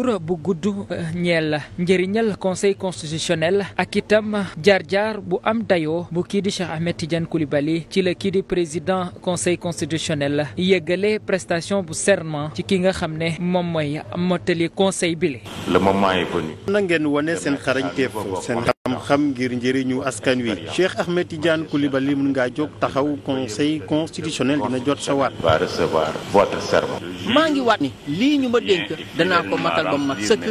recours bu gudd eh, ñeel njëriñal conseil constitutionnel ak itam jaar-jaar bu am dayoo bu kii di Cheikh Ahmed Tidiane Coulibaly ci la kii di président conseil constitutionnel yëggale prestation bu serment ci ki nga xam ne moom mooy mottali conseil bi le moment est venu na ngeen wone seen xarañteef seen ma xam ngir njëriñu askan wi Cheikh Ahmed Tidiane Coulibaly mën ngaa jóg taxaw conseil constitutionnel dina jot sa waat. va recevoir votre serment. maa ngi waat ni lii ñu ma dénk danaa ko matal ba mat sëkk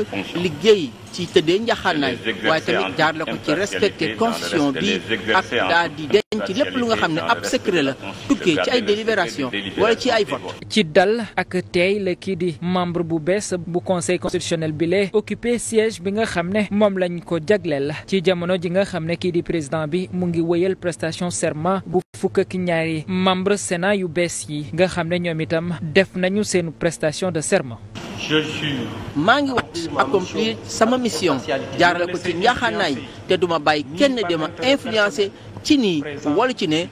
liggéey ci tëddee njaxaanaay waaye tamit jaar la ko ci respecté constitution bi ak daal di denc lépp lu nga xam ne ab secret la tukkee ci ay délibération wala ci ay vote. ci dal ak tey la kii di membre bu bees bu conseil constitutionnel bi lee occupé siège bi nga xam ne moom lañ ko jagleel jamono ji nga xam ne kii di président bi mu ngi wëyal prestation serment bu fukk ak membre sénat yu bees yi nga xam ne ñoom itam def nañu seen prestation de serment. maa ngi sama mission jaarale ko ci njaaxaanaay te duma bàyyi kenn dema influencé ci nii wala ci ne.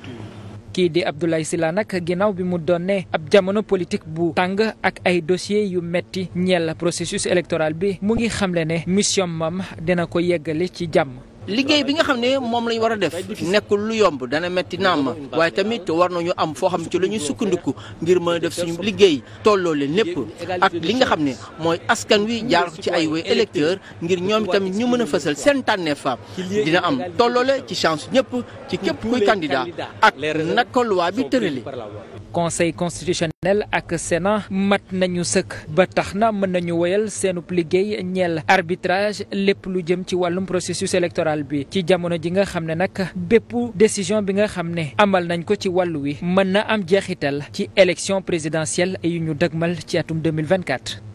kii di Abdoulaye Sylla nag ginnaaw bi mu doonee ab jamono politique bu tàng ak ay dossier yu metti ñeel processus électoral bi mu ngi xamle ne mission mam dina ko yeggali ci jàmm. liggéey bi nga xam ne moom lañu war a def nekkul lu yomb dana metti naam ma waaye tamit war na ñu am foo xam ci la ñuy sukkandiku ngir mën a def suñu liggéey tolloo leen népp ak li nga xam ne mooy askan wi jaar ci ay way électeur ngir ñoom tamit ñu mën a fësal seen tànneef dina am tolloole ci chance ñëpp ci képp kuy candidat ak naka loi bi tërale conseil constitutionnel ak sénat mat nañu sëkk ba tax na mën nañu woyal seenub liggéey ñeel arbitrage lépp lu jëm ci wàllum processus électoral national ci jamono ji nga xam ne nag bépp décision bi nga xam ne amal nañ ko ci wàll wi mën na am jeexital ci élection présidentielle yu ñu dëgmal ci atum 2024